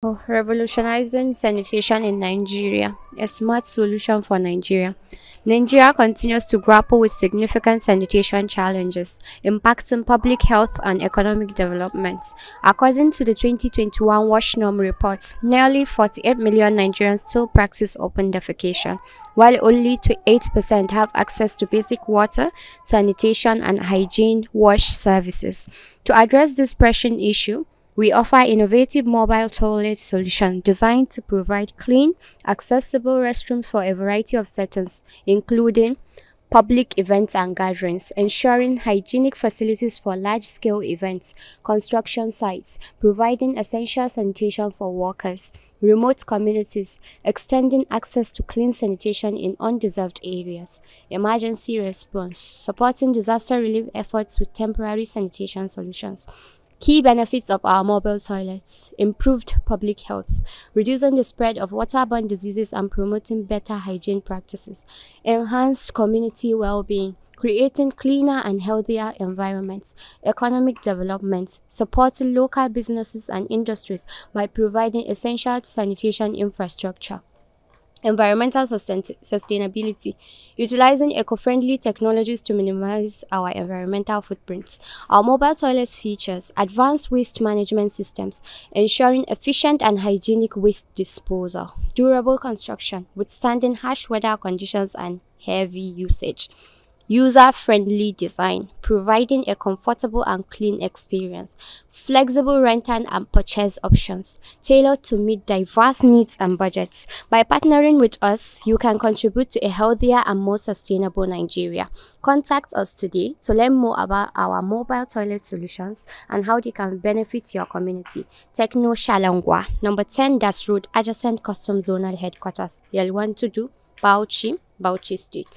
Oh, revolutionizing sanitation in Nigeria, a smart solution for Nigeria. Nigeria continues to grapple with significant sanitation challenges impacting public health and economic development. According to the 2021 WashNorm report, nearly 48 million Nigerians still practice open defecation, while only 8% have access to basic water, sanitation, and hygiene wash services. To address this pressing issue, we offer innovative mobile toilet solution designed to provide clean, accessible restrooms for a variety of settings, including public events and gatherings, ensuring hygienic facilities for large-scale events, construction sites, providing essential sanitation for workers, remote communities, extending access to clean sanitation in undeserved areas, emergency response, supporting disaster relief efforts with temporary sanitation solutions, Key benefits of our mobile toilets improved public health, reducing the spread of waterborne diseases and promoting better hygiene practices, enhanced community well being, creating cleaner and healthier environments, economic development, supporting local businesses and industries by providing essential sanitation infrastructure. Environmental sustainability, utilizing eco-friendly technologies to minimize our environmental footprints. Our mobile toilets features advanced waste management systems, ensuring efficient and hygienic waste disposal. Durable construction, withstanding harsh weather conditions and heavy usage user-friendly design, providing a comfortable and clean experience, flexible rental and purchase options, tailored to meet diverse needs and budgets. By partnering with us, you can contribute to a healthier and more sustainable Nigeria. Contact us today to learn more about our mobile toilet solutions and how they can benefit your community. Techno Shalangwa, number 10 Das Road, adjacent Custom Zonal Headquarters, Yelwan Tudu, Bauchi, Bauchi State.